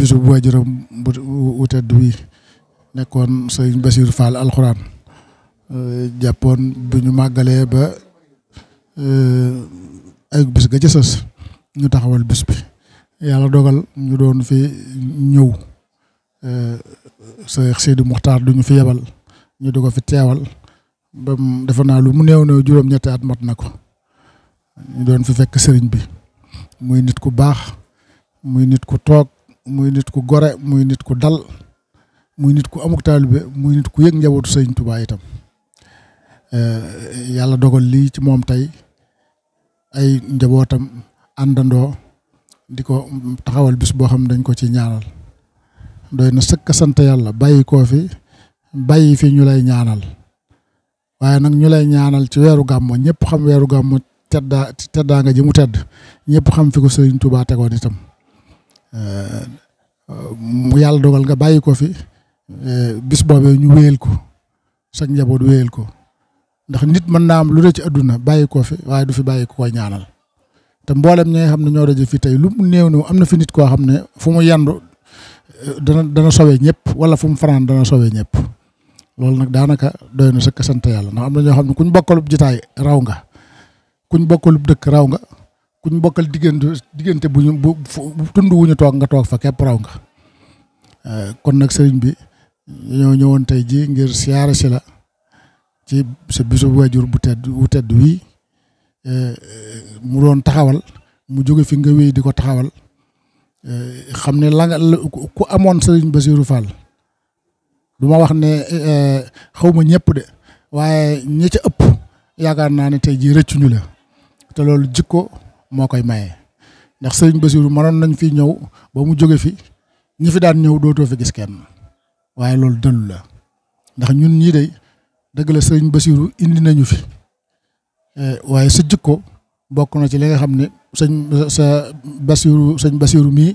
bisu bu waajuram bu wu tedd wi nekkoon sëñ Basiir Fall alxuraan euh, jàppoon bu ñu màggalee ba euh, ay bis ga jësës ñu taxawal bis bi yàlla dogal ñu doon fi ñëw Seex euh, Sidi Muxtaar duñu fi yebal ñu di ko fi teewal ba defe naa lu mu néew néew juróom-ñetti at mat na ko ñu doon fi fekk sëriñ bi muy nit ku baax muy nit ku toog muy nit ku gore muy nit ku dal muy nit ku amuk taalibe muy nit ku yëg njabootu sëñ Tuubaa itam eh, yàlla dogal lii ci moom tey ay njabootam àndandoo di ko taxawal bis boo xam ne dañ ko ci ñaanal doy na sëkk sant yàlla bàyyi koo fi bàyyi fi ñu lay ñaanal waaye nag ñu lay ñaanal ci weeru gàmmo ñëpp xam weeru gàmmo teddaa nga ji mu tedd ñëpp xam fi ko sëriñ Tuubaa tegoon itam mu yàlla dogal nga bàyyi ko fi eh, bis boobee ñu wéyal ko sa njaboot wéyal ko ndax nit mën naa am lu ne ci adduna bàyyi ko fi waaye du fi bàyyi ko ñaanal te mboolem ñi xam ne ñoo daje fi tey lu mu néew ne am na fi nit koo xam ne fu mu yendu eh, dana dana sowe ñëpp wala fu mu fanaan dana sowe ñëpp loolu nag daanaka doy na sa sant yàlla ndax am na ñoo xam ne kuñ bokkalub jitaay raw nga kuñ bokkalub dëkk raw nga kuñ mbokkal diggante diggante bu ñu bu tund wu toog nga toog fa kepp raw nga euh, kon nag sëriñ bi ñoo ñëwoon tey ji ngir siyaara si la ci sa bisu waajur bu tedd wu tedd wii euh, mu doon taxawal mu jóge fi nga wéy di ko taxawal euh, xam ne la nga ku amoon sëriñ Basiiru Fall du ma wax ne xaw ma ñëpp de waaye ñi ëpp yaakaar naa ne tey ji rëccuñu la te loolu jikko moo koy maye ndax sëriñ Basiru mënoon nañ fi ñëw ba mu jóge fi ñi fi daan ñëw dootoo fi gis waaye loolu dëllu la ndax ñun ñii de dëgg la sëriñ Basiru indi nañu fi eh, waaye sa jikko bokk na ci li nga xam ne sëñ sa sëñ Basiru mii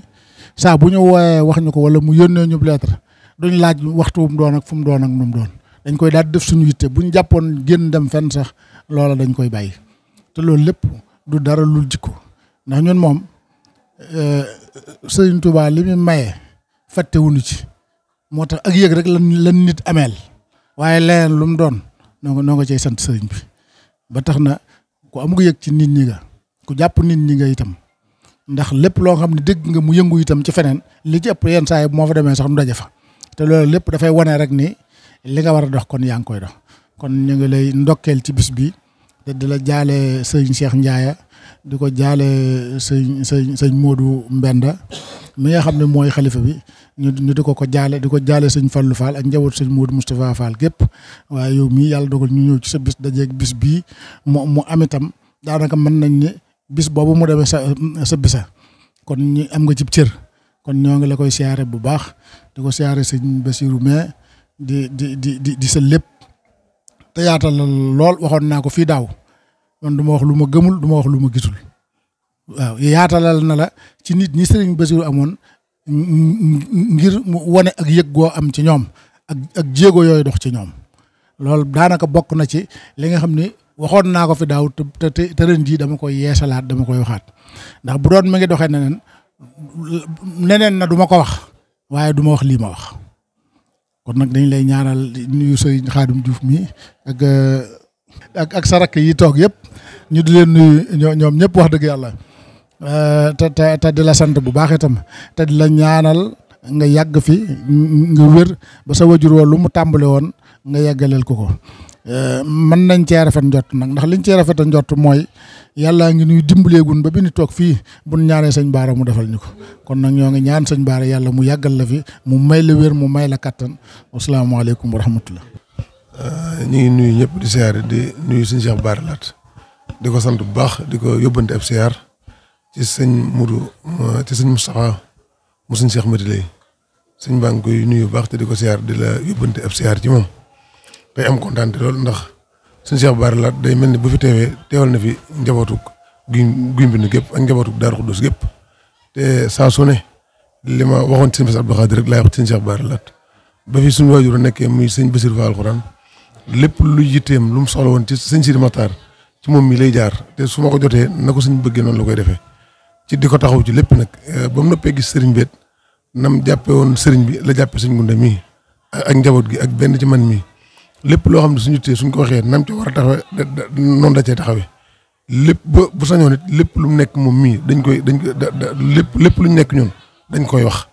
saa bu ñu wooyee wax ñu ko wala mu yónnee ñu lettre duñ laaj waxtu wu mu doon ak fu mu doon ak nu doon dañ koy daal def suñu yitte bu ñu jàppoon génn dem fenn sax loola dañ koy bàyyi te loolu lépp du dara lul jikko ndax ñun moom eh, Sëriñ Tuubaa li muy maye fàttewuñu ci moo tax ak yëg rek lan lan nit ameel waaye leneen lu mu doon noo nga noo nga cay sant sëriñ bi ba tax na ku am ko yëg ci nit ñi nga ku jàpp nit ñi nga itam ndax lépp loo xam ne dégg nga mu yëngu itam ci feneen li ci yenn saa moo fa demee sax mu daje fa te loolu lépp dafay wane rek ni li nga war a dox kon yaa ngi koy dox kon ñu ngi lay ndokkeel ci bis bi te di la jaale sëñ Cheikh Ndiaye di ko jaale sëñ sëñ sëñ Modou Mbenda mi nga xam ne mooy xalifa bi ñu ñu di ko ko jaale di ko jaale sëñ Fallou Fall ak njaboot sëñ Modou Moustapha Fall gépp waaye yow mii yàlla dogal ñu ñëw ci sa bis dajeeg bis bii mu mu am itam daanaka mën nañ ne bis boobu mu demee sa sa bisa kon ñu am nga cib cër kon ñoo ngi la koy siyaare bu baax di ko siyaare sëñ Bassirou mais di di di di di sa lépp. te yaatal lool waxoon naa ko fii daaw man du ma wax lu ma gëmul du ma wax lu ma gisul waaw yaatalal na la ci nit ñi sëriñ Basiru amoon ngir mu wane ak yëg goo am ci ñoom ak ak jéego yooyu dox ci ñoom loolu daanaka bokk na ci li nga xam ni waxoon naa ko fi daaw te te ren jii dama koy yeesalaat dama koy waxaat ndax bu doon ma ngi doxee neneen neneen na duma ko wax waaye duma wax lii ma wax. kon nag dañ lay ñaanal nuyu Serigne Khadim mi ak euh, ak ak sa yi toog yëpp ñu di leen nuyu ñoom ñëpp wax dëgg yàlla euh, te te di la sant bu baax itam te di la ñaanal nga yàgg fi nga wér ba sa wajur woo lu mu tàmbale woon nga yeggaleel ko ko Euh, mën nañ cee rafet njott nag ndax liñ cee rafet a njott mooy yàllaa ngi nuy dimbaleegun ba bi ñu toog fii buñ ñaanee sëñ Baara mu defal ñu ko kon nag ñoo ngi ñaan sëñ Baara yàlla mu yàggal la fi mu may la wér mu may la kattan wasalaamaaleykum wa rahmatullah euh, ñu ngi nuyu ñëpp di siyaare di nuyu suñu Cheikh Baara Laat di ko sant bu baax di ko yóbbante ab siyaar ci sëñ mu ci sëñ Moustapha mu suñ Cheikh Mati lay sëñ baa ngi koy nuyu bu baax te di ko siyaar di la yóbbante ab siyaar day am kontaan te loolu ndax suñu Cheikh Bara Lahat day mel ni bu fi teewee teewal na fi njabootuk gi guy mbind gépp ak njabootuk Daaru Xuddus gépp te saa su ne li ma waxoon ci sëñ Bass Abdou Khadre ci sëñ Cheikh Bara Lahat ba fi suñu waajur nekkee muy sëñ Bassir Fall Alxuraan lépp lu yitteem lu mu soxla woon ci sëñ Sidi Matar ci moom mii lay jaar te su ma ko jotee na ko sëñ bëggee noonu la koy defee ci di ko taxaw ci lépp nag eh, ba mu noppee gis sëriñ beet nam jàppee woon sëriñ bi la jàppe sëñ Gunda mii ak njaboot gi ak benn ci man mii lépp loo xam ne suñu téye suñ ko waxee nam ci war a taxawee noonu da cee taxawee lépp ba bu sañoon it lépp lu mu nekk moom mii dañ koy dañ ko lépp lépp lu nekk ñun dañ koy wax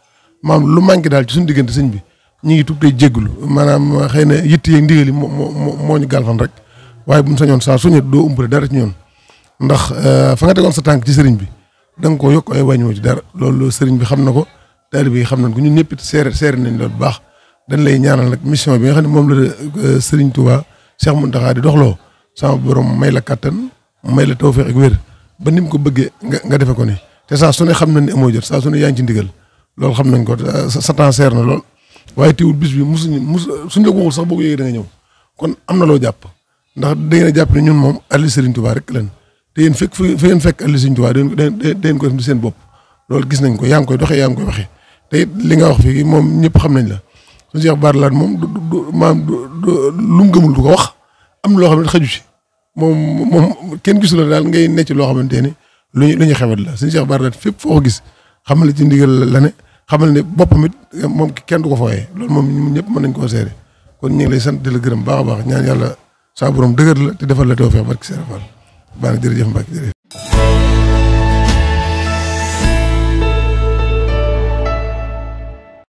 maanaam lu manqué daal ci suñ diggante siñ bi ñu ngi tub tey jégglu maanaam xëy na yitt yeeg ndigal yi moo moo moo ñu galfan rek waaye bu mu sañoon saa suñu doo umpale dara ci ñun ndax euh, fa nga tegoon sa tànk ci sëriñ bi da nga ko yokk ay wàññoo ci dara loolu sëriñ bi xam na ko taalibe yi xam nañ ko ñun ñëpp it seere seere nañ loolu baax dañ lay ñaanal nag mission bi nga xam ne moom la euh, Serigne Touba Cheikh Mountakha di doxloo sama borom may la kattan may la tawfeex ak wér ba ni mu ko bëggee nga nga defee ko ni te saa su xam nañ ne amoo jot saa su ne yaa ngi ci ndigal loolu xam nañ ko euh, sa na lool waaye teewul bis bi mosuñu mos suñ la ko waxul sax boo ko yëgee da nga kon am na loo jàpp ndax da ngeen jàpp ne ñun moom àlli Serigne Touba rek lan te yéen fekk fa fekk àlli Serigne Touba dañ ko seen bopp loolu gis nañ ko yaa ngi koy doxe yaa ngi koy waxee te it li nga wax fii moom ñëpp xam nañ la suñu Cheikh Bara Lahad moom du du maam du lu mu gëmul du ko wax am loo xam ne xaju si moom moom kenn gisu la daal ngay necc loo xamante ni lu ñu lu ñu xewet la suñu Cheikh Bara Lahad fépp foo ko gis xamal ci ndigal la ne xamal ne boppam it moom kenn du ko fooyee loolu moom ñun ñëpp mën nañ koo seere kon ñu ngi lay sant di la gërëm baax a baax ñaan yàlla saa borom dëgër la te defal la tawfeex barki Serigne Fall baax na jërëjëf Mbacke jërëjëf